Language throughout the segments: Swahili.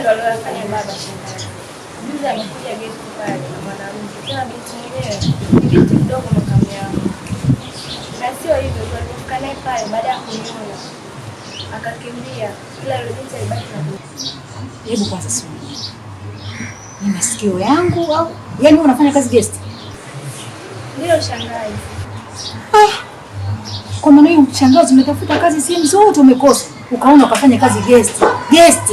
ndo aliyofanya baba Juzi amekuja geti pale na mwanamke, binti mwenyewe binti mdogo makamu yangu, na sio hivyo naye pale baada ya akakimbia, ila yule binti alibaki na hebu kwanza ni masikio yangu au yani wewe unafanya kazi guest? Ndio shangazi. Ah, kwa maana hiyo shangazi umetafuta kazi sehemu zote umekosa, ukaona ukafanya kazi guest guest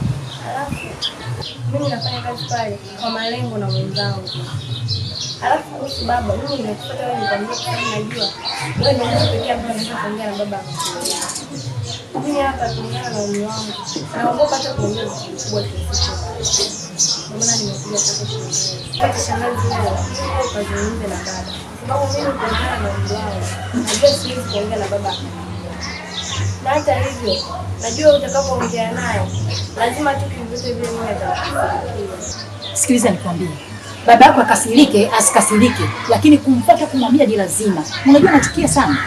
Alafu mimi nafanya kazi pale kwa malengo na mwenzangu. Alafu kuhusu baba, mimi nimekufuata wewe nikwambie, kama najua wewe ndio mtu pekee ambaye anaweza kuongea na baba. Mimi hapa kulingana na umri wangu naogopa hata kuongea kitu kikubwa kiasi chochote, ndio maana nimekuja sasa kuongea. Hata shangazi leo kazungumze na baba, sababu mimi kulingana na umri wangu najua siwezi kuongea na baba, na hata hivyo najua utakapoongea naye lazima tu kimvute sikiliza, nikwambie, baba yako akasirike asikasirike, lakini kumfuata kumwambia ni lazima. Unajua nachukia sana,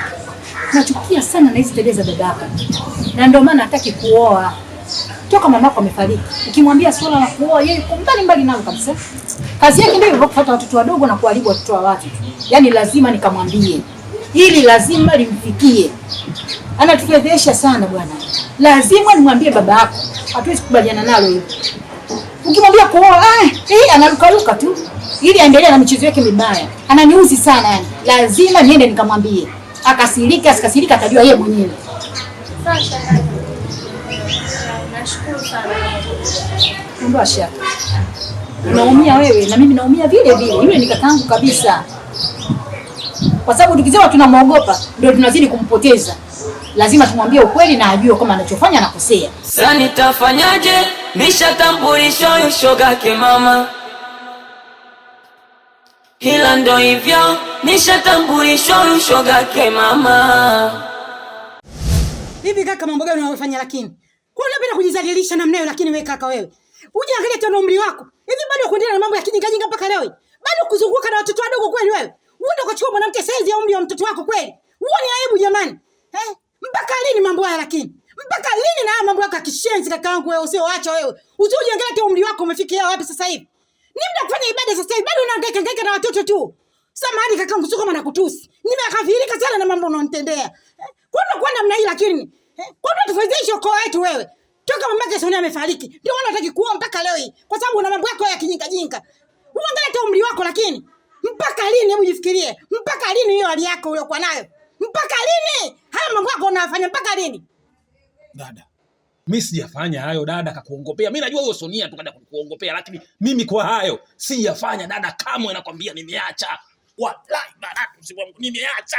nachukia sana na hizi tabia za baba yako, na ndio maana hataki kuoa toka mamako amefariki. Ukimwambia swala la kuoa, yeye yuko mbali mbali nalo kabisa. Kazi yake ndio hivyo, kufuata watoto wadogo na kuharibu watoto wa watu. Yaani lazima nikamwambie, hili lazima limfikie, anatufedhesha sana bwana lazima nimwambie baba yako, hatuwezi kukubaliana nalo hilo. Ukimwambia kuoa eh, eh analukaluka tu ili aendelee na michezo yake mibaya, ananiuzi sana yani. Lazima niende nikamwambie, akasirika asikasirika, atajua yeye mwenyewe. Nashukuru sana. shaka, unaumia wewe na mimi naumia vile vile. Yule ni kakaangu kabisa, kwa sababu tukizewa tunamwogopa ndio tunazidi kumpoteza lazima tumwambie ukweli na ajue kama anachofanya anakosea. Sasa nitafanyaje? Nishatambulishwa ke mama, hila ndo hivyo, nishatambulishwa ke mama. Hivi kaka, mambo gani unayofanya? Lakini kwa nini unapenda kujizalilisha namna hiyo. Lakini wewe kaka, wewe uje angalia tena umri wako, hivi bado kuendelea na mambo ya kijingajinga mpaka leo, bado kuzunguka na watoto wadogo kweli? Wewe uende kuchukua mwanamke saizi ya umri wa mtoto wako kweli? Uone aibu jamani, eh? Mpaka lini mambo haya lakini? Mpaka lini na mambo yako ya kishenzi kakaangu wewe usioacha wewe? usiojengea tu umri wako umefikia wapi sasa hivi? Ni muda kufanya ibada sasa hivi bado unahangaika hangaika na watoto tu. Samahani kakaangu sio kama nakutusi. nimekadhirika sana na mambo unanitendea. Kwa nini eh, kwa namna hii lakini? Eh, kwa nini tufaidishi ukoo wetu wewe? Toka mama yake Sonia amefariki. Ndio maana hataki kuoa mpaka leo hii. Kwa sababu una mambo yako ya kinyinga jinga. Uangalie tu umri wako lakini. Mpaka lini? Hebu jifikirie. Mpaka lini hiyo hali yako uliokuwa nayo? Mpaka lini? mambo yako unafanya mpaka lini? Dada, mimi sijafanya hayo dada, kakuongopea. Mimi najua huyo Sonia tu kaja kukuongopea, lakini mimi kwa hayo sijafanya dada, kamwe. Nakwambia nimeacha, wallahi baraka, nimeacha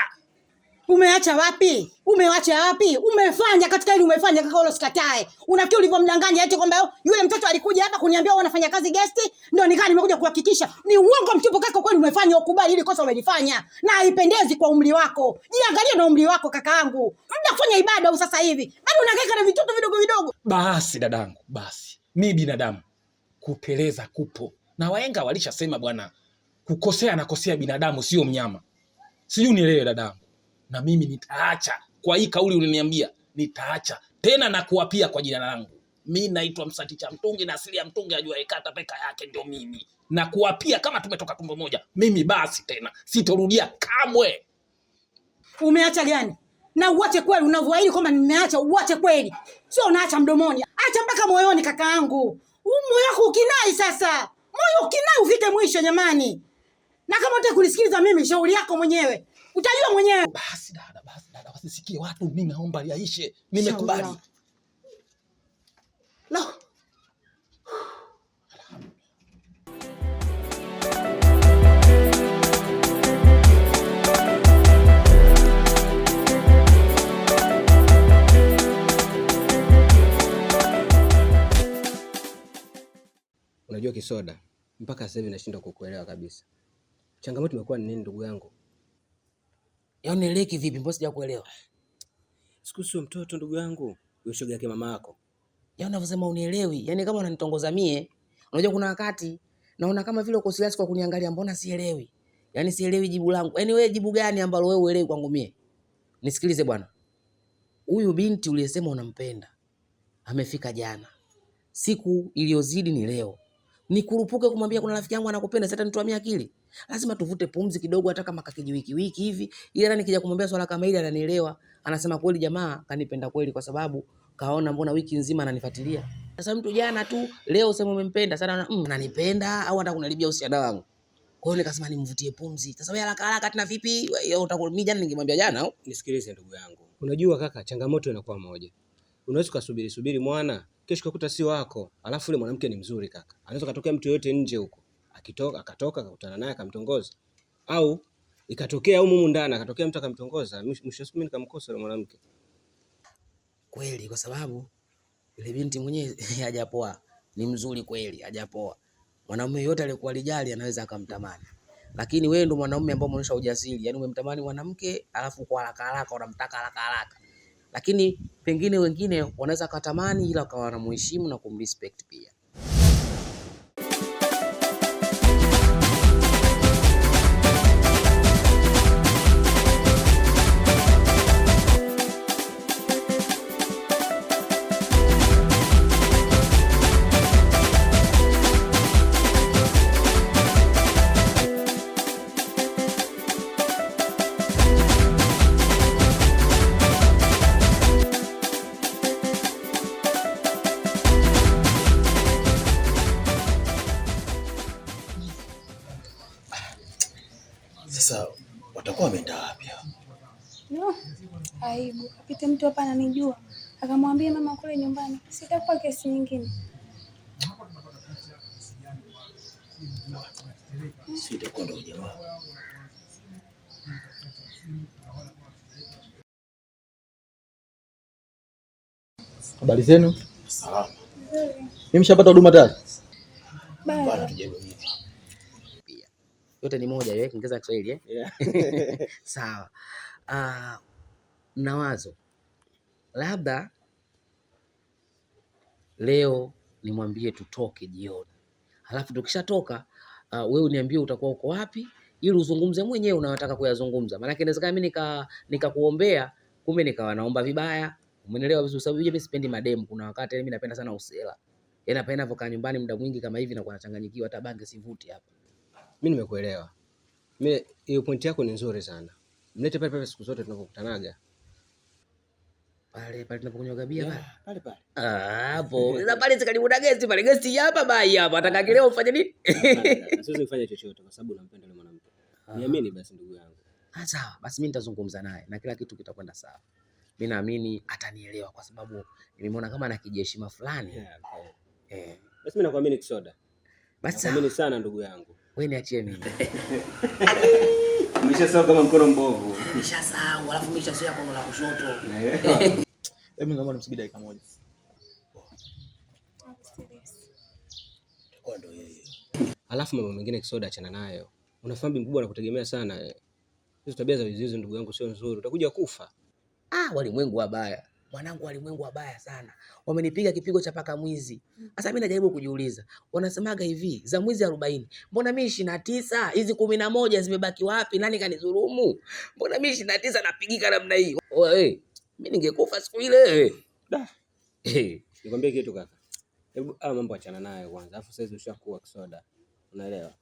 Umeacha wapi? Umewacha wapi? Umefanya katika ile umefanya kaka Olo sikatae. Unafikiri ulivyomdanganya eti kwamba oh, yule mtoto alikuja hapa kuniambia wewe unafanya kazi guest, ndio nikaa nimekuja kuhakikisha. Ni uongo mtupu kaka, kwani umefanya ukubali ile kosa umelifanya. Na haipendezi kwa umri wako. Jiangalie na umri wako kaka yangu. Muda kufanya ibada au sasa hivi. Bado yaani unahangaika na vitoto vidogo vidogo. Basi dadangu, basi. Mi binadamu kupeleza kupo. Na waenga walishasema bwana, kukosea anakosea binadamu sio mnyama. Sijui nielewe dadangu na mimi nitaacha. Kwa hii kauli uliniambia, nitaacha tena na kuapia kwa jina langu. Mi naitwa msaticha cha Mtungi na asili ya Mtungi ajua ikata peka yake ndio mimi, na kuapia kama tumetoka tumbo moja. Mimi basi tena sitorudia kamwe. Umeacha gani? na uache kweli, unavyoahidi kwamba nimeacha, uache kweli, sio unaacha mdomoni, acha mpaka moyoni. Kaka yangu, moyo wako ukinai sasa, moyo ukinai ufike mwisho jamani. Na kama unataka kunisikiliza mimi, shauri yako mwenyewe. Utajua mwenyewe. Basi dada, basi dada, wasisikie watu, mimi naomba yaishe, Nimekubali. Unajua Kisoda, mpaka sasa hivi nashindwa kukuelewa kabisa. Changamoto imekuwa ni nini ndugu yangu? Yaoneleki vipi? Mbona sija kuelewa? Sikusio mtoto ndugu yangu, yule shoga yake mama yako. Yaani unavyosema unielewi. Yaani kama unanitongoza mie, unajua kuna wakati naona kama vile uko serious kwa kuniangalia mbona sielewi. Yaani sielewi jibu langu. Yaani wewe jibu gani ambalo wewe uelewi kwangu mie? Nisikilize bwana. Huyu binti uliyesema unampenda amefika jana. Siku iliyozidi ni leo nikurupuke kumwambia kuna rafiki yangu anakupenda, sasa nituamia akili. Lazima tuvute pumzi kidogo, hata kama kakiji wiki wiki hivi, ila nikija kumwambia swala kama hili ananielewa, anasema kweli, jamaa kanipenda kweli, kwa sababu kaona mbona wiki nzima ananifuatilia. Sasa mtu jana tu leo sema umempenda sana, mm, ananipenda au hata kunalibia uhusiano wangu. Kwa hiyo nikasema nimvutie pumzi. Sasa wewe haraka haraka tena vipi? Wewe Mimi jana ningemwambia jana au? Oh. Nisikilize ndugu yangu. Unajua kaka, changamoto inakuwa moja. Unaweza kusubiri subiri mwana kesho kakuta si wako. Alafu yule mwanamke ni mzuri kaka, anaweza katokea mtu yote nje huko, akitoka akatoka akakutana naye akamtongoza, au ikatokea au mumu ndani akatokea mtu akamtongoza, mwisho siku mimi nikamkosa yule mwanamke kweli, kwa sababu yule binti mwenyewe hajapoa, ni mzuri kweli, hajapoa. Mwanaume yote aliyekuwa lijali anaweza akamtamani, lakini wewe ndo mwanaume ambaye umeonyesha ujasiri, yani umemtamani mwanamke alafu kwa haraka haraka unamtaka haraka haraka lakini pengine wengine wanaweza katamani, ila wakawa wanamuheshimu na kumrespect pia. watakuwa wameenda wapi? aibu apite mtu hapa ananijua akamwambia mama kule nyumbani, sitakuwa kesi nyingine. Sitakuwa ndo jamaa Habari zenu? Salama. Mimi shapata huduma tayari? Bado yote ni moja ile eh, Kiingereza Kiswahili eh? Yeah. Sawa. Uh, ah, na wazo labda leo nimwambie tutoke jioni, halafu tukishatoka uh, wewe uniambie utakuwa uko wapi ili uzungumze mwenyewe unayotaka kuyazungumza, maanake inawezekana mimi nika nikakuombea kumbe nikawa naomba vibaya. Umeelewa vizuri? Sababu mimi sipendi mademu. Kuna wakati mimi napenda sana usela, yeye yaani anapenda vokaa nyumbani muda mwingi kama hivi, nakuwa nachanganyikiwa, hata bange sivuti hapa. Mimi nimekuelewa. Mimi hiyo point yako ni nzuri sana. Mlete pale pale siku zote tunapokutanaga. Pale pale tunapokunywa bia pale. Pale pale. Ah, hapo. Sasa pale zikaribu na guest pale. Guest hapa bai hapa. Atakaje ah. leo ufanye nini? Siwezi kufanya chochote kwa sababu nampenda yule mwanamke. Ah. Niamini basi ndugu yangu. Ah, sawa. Basi mimi nitazungumza naye na kila kitu kitakwenda sawa. Mimi naamini atanielewa kwa sababu nimeona kama ana kijeshima fulani. Yeah, okay. Eh. Basi mimi nakuamini Kisoda. Basi naamini sana ndugu yangu. Wewe niachie mimi. Umeshasahau kama mkono mbovu. Umeshasahau, alafu umeshasahau kono la kushoto. Eh. Hebu naomba nimsubiri dakika moja. Alafu mambo mengine kisoda, achana nayo. Unafahamu mkubwa anakutegemea sana. Hizo tabia za wizi hizo, ndugu yangu, sio nzuri. Utakuja kufa. Ah, walimwengu wabaya wanangu walimwengu wabaya sana, wamenipiga kipigo cha paka mwizi. Hmm. Sasa mimi najaribu kujiuliza, wanasemaga hivi za mwizi arobaini, mbona mimi ishirini na tisa? Hizi kumi na moja zimebaki wapi? Nani kanizulumu? Mbona mimi ishirini na tisa napigika namna hii? Hey, mi ningekufa siku ile. Hey, eh. nikwambie kitu kaka, hebu ah, mambo achana nayo kwanza, afu saizi ushakuwa kisoda, unaelewa?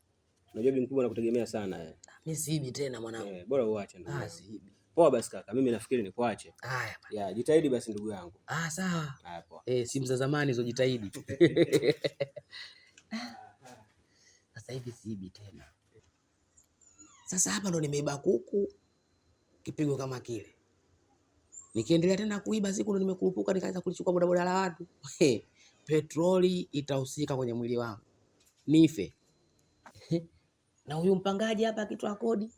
Unajua bibi mkubwa anakutegemea sana. Eh. Ah, mimi siibi tena mwanangu, eh, bora uache. Ah, Poa basi kaka, mimi nafikiri nikuache. Haya bana. Ya, jitahidi basi ndugu yangu. Ah, sawa. Haya poa. Eh, simu za zamani hizo jitahidi. Sasa hivi siibi tena. Sasa hapa ndo nimeiba kuku kipigo kama kile. Nikiendelea tena kuiba siku ndo nimekurupuka nikaanza kulichukua bodaboda la watu. Petroli itahusika kwenye mwili wangu. Nife. Na huyu mpangaji hapa akitoa kodi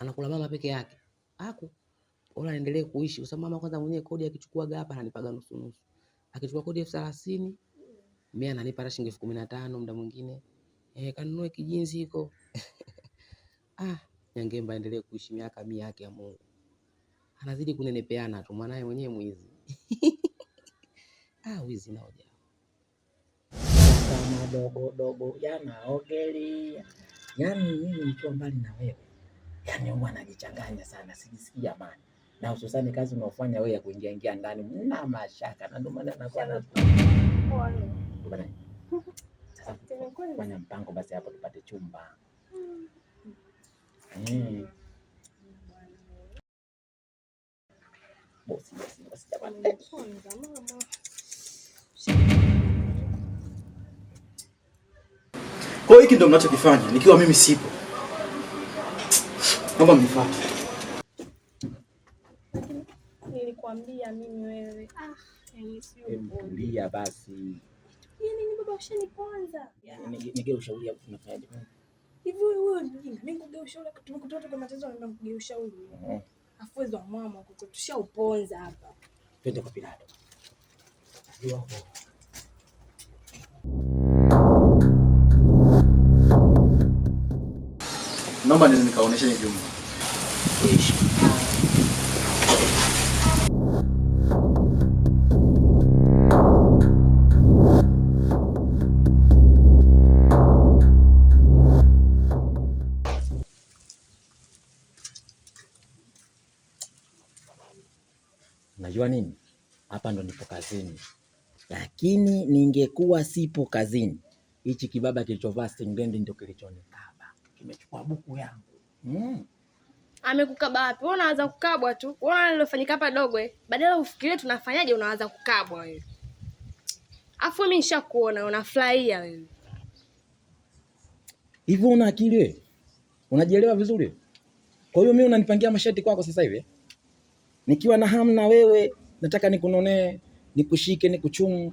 anakula mama peke yake aku bora endelee kuishi, kwa sababu mama kwanza mwenyewe kodi akichukua gapa ananipaga nusu nusu, akichukua kodi elfu thelathini mimi ananipa hata shilingi elfu kumi na tano muda mwingine eh, kanunue kijinzi hiko ah, Nyangemba endelee kuishi miaka mia yake ya Mungu, anazidi kunenepeana tu, mwanaye mwenyewe mwizi ah, wizi na hoja kama dogo dogo, jana ogeli, yani mimi nikiwa mbali na wewe yani huwa anajichanganya sana, sijisikii amani na hususani kazi unaofanya wewe ya kuingia ingia ndani, mna mashaka na ndio maana anakuwa na sasa. Fanya mpango basi hapo tupate chumba eh. Bosi, bosi, Kwa hiki ndo mnachokifanya nikiwa mimi sipo naomba mnifuate. Nilikwambia mimi wewe. Ah, yani sio tulia basi. Yani ni baba kwanza. Yani nige ushauri hapo tunafanyaje? Hivi wewe wewe unajina mimi kuge ushauri kutoka kwa matezo na kuge ushauri. Eh. Uh-huh. Afuwezo wa mama kwa uponza hapa. Twende kwa Pilato. Unajua naomba nikaoneshe nyumba kuishi. Najua nini, hapa ndo nipo kazini, lakini ningekuwa sipo kazini, hichi kibaba kilichovaa stingendi ndio kilichonikaba, kimechukua buku yangu mm amekukaba wapi? Wewe unaanza kukabwa tu. Wewe nilofanyika hapa dogo, eh? badala ufikirie tunafanyaje, unaanza kukabwa wewe. Afu mimi nishakuona unafurahia wewe. Hivyo una akili wewe? Unajielewa vizuri? Kwa hiyo mimi unanipangia mashati kwako sasa hivi? Eh? Nikiwa na hamu na wewe, nataka nikunonee, nikushike, nikuchumu.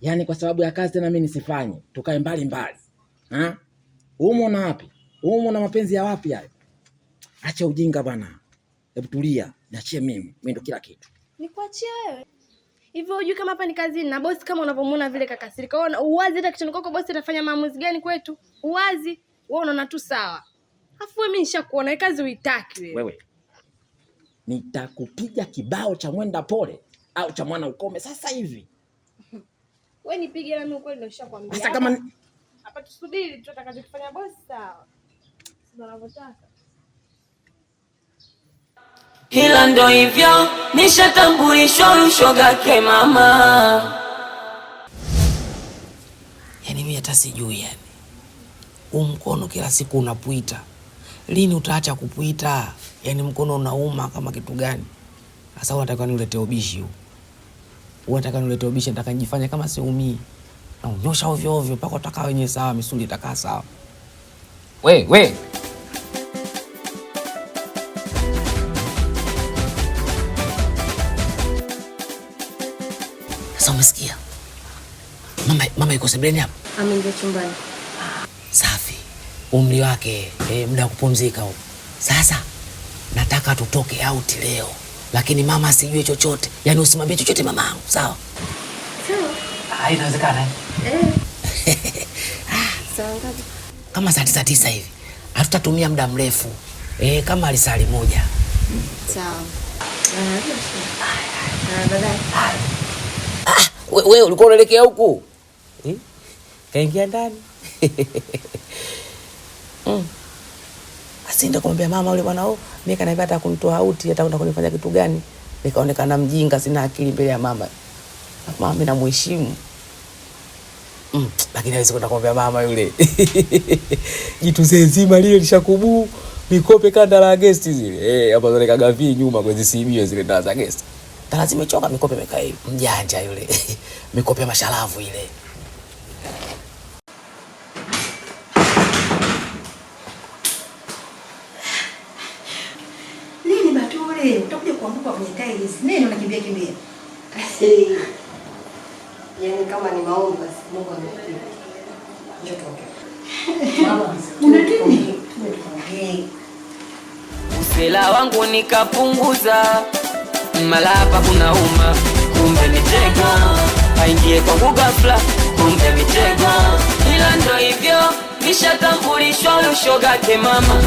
Yaani kwa sababu ya kazi tena mimi nisifanye, tukae mbali mbali. Ha? Umo na wapi? Umo na mapenzi ya wapi hayo? Acha ujinga bana, hebu tulia, niachie mimi, mimi ndo kila kitu. Nikuachie wewe? Hivyo hujui kama hapa ni kazini na bosi kama unavyomuona vile kakasirika. Wewe uwazi hata kitendo kwako bosi anafanya maamuzi gani kwetu? Uwazi. Wewe unaona tu sawa. Afu mimi nishakuona hii kazi uitaki wewe. Wewe. Nitakupiga kibao cha mwenda pole au cha mwana ukome sasa hivi. Wewe nipige na mimi ukweli ndio nishakwambia. Sasa kama hapa tusubiri tutakachokifanya bosi sawa. Sio anavyotaka. Hila ndo hivyo, nishatambulishwa ushoga ke mama. Yani mimi hata sijui, yani huu mkono kila siku unapuita, lini utaacha kupuita? Yani mkono unauma kama kitu gani? Sasa unataka niuletee ubishi huu? Unataka niuletee ubishi? Nataka nijifanye kama siumii na unyosha ovyo ovyo mpaka utakaa wenye sawa, misuli itakaa sawa. We we umesikia? Mama, mama yuko sebuleni hapo? Ameingia chumbani. Safi. Umri wake eh, muda wa kupumzika huo. Sasa nataka tutoke out leo, lakini mama asijue chochote, yaani usimwambie chochote mamangu, sawa? Eh? Eh. Ah. Sawa. Ah, Inawezekana eh? Sawa Kama saa tisa tisa hivi, hatutatumia muda mrefu eh, kama alisali moja. Sawa. Ah, ah Bye wewe ulikuwa unaelekea huku, eh? kaingia ndani mm. kumwambia mama yule bwana, oh, mimi kanaambia hata kunitoa auti hata unataka kunifanya kitu gani? Nikaonekana mjinga, sina akili mbele ya mama. Mama mimi namuheshimu mm, lakini hawezi kwenda kumwambia mama yule jitu zenzima lile lishakubuu mikope kanda la gesti zile eh, ambazo nikaga vi nyuma kwenye CB zile dawa za gesti Tarazi imechoka mikopo imekaa hivi. Mjanja yule. Mikopo ya mashalavu ile. Nini Batule? Utakuja kuanguka kwenye tiles. Nini unakimbia kimbia? Yaani kama ni maombi basi Mungu amekupa. Njoo tuongee. Mama, unatini? Usela wangu nikapunguza malapa uma kumbe mitego aingie kwa ghafla, kumbe mitego. Ila ndo hivyo nishatambulishwa ushogake mama.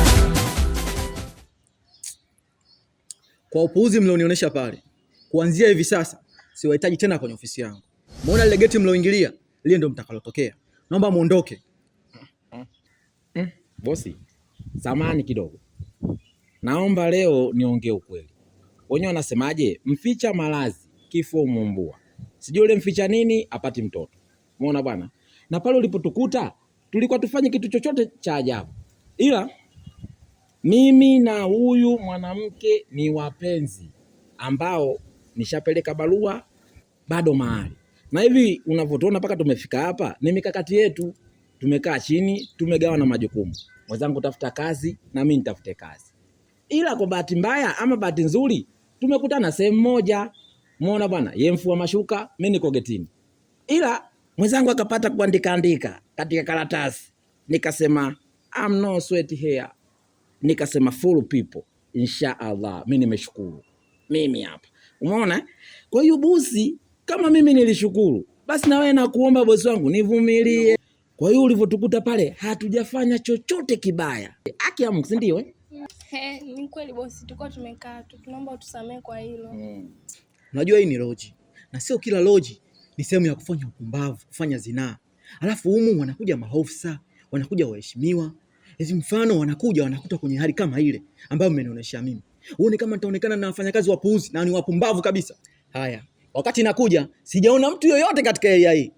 Kwa upuuzi mlionionyesha pale, kuanzia hivi sasa siwahitaji tena kwenye ofisi yangu. Muona lile geti mlioingilia lile ndio mtakalotokea. Naomba muondoke. Eh? Bosi, samani kidogo, naomba leo niongee ukweli wenyewe wanasemaje? Mficha malazi kifo umumbua, sijui ule mficha nini apati mtoto. Umeona bwana, na pale ulipotukuta tulikuwa tufanye kitu chochote cha ajabu, ila mimi na huyu mwanamke ni wapenzi ambao nishapeleka barua bado mahali na hivi unavyotuona mpaka tumefika hapa, ni mikakati yetu. Tumekaa chini, tumegawa na majukumu, mwenzangu tafuta kazi na mimi nitafute kazi, ila kwa bahati mbaya ama bahati nzuri tumekutana sehemu moja, muona bwana, yeye mfua mashuka, mimi niko getini, ila mwenzangu akapata kuandika andika katika karatasi, nikasema I'm no sweat here, nikasema full people, inshaallah, mimi nimeshukuru mimi hapa, umeona. Kwa hiyo bosi, kama mimi nilishukuru, basi na wewe nakuomba bosi wangu nivumilie. Kwa hiyo ulivyotukuta pale, hatujafanya chochote kibaya, haki ya Mungu, si ndio eh? ni kweli bosi, tulikuwa tumekaa tu, tunaomba utusamee kwa hilo. Mm. Unajua mm. hii ni loji na sio kila loji ni sehemu ya kufanya upumbavu, kufanya zinaa, alafu humu wanakuja maofisa, wanakuja waheshimiwa hizi, mfano wanakuja wanakuta kwenye hali kama ile ambayo mmenionyesha mimi, uone kama nitaonekana na wafanyakazi wapuuzi na ni wapumbavu kabisa. Haya, wakati nakuja sijaona mtu yoyote katika area hii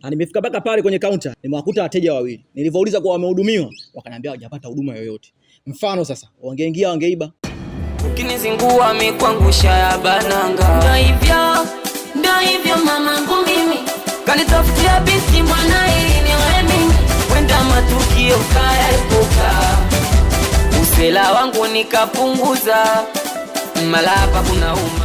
na nimefika mpaka pale kwenye kaunta, nimewakuta wateja wawili, nilivyouliza kwa wamehudumiwa, wakaniambia hawajapata huduma yoyote. Mfano sasa, wangeingia wangeiba. Ukinizingua mikwangusha ya bananga. Ndio hivyo, ndio hivyo mamangu mimi. Kanitafutia binti mwana ili niwe mimi. Wenda matukio kaepuka. Usela wangu nikapunguza. Malapa kuna uma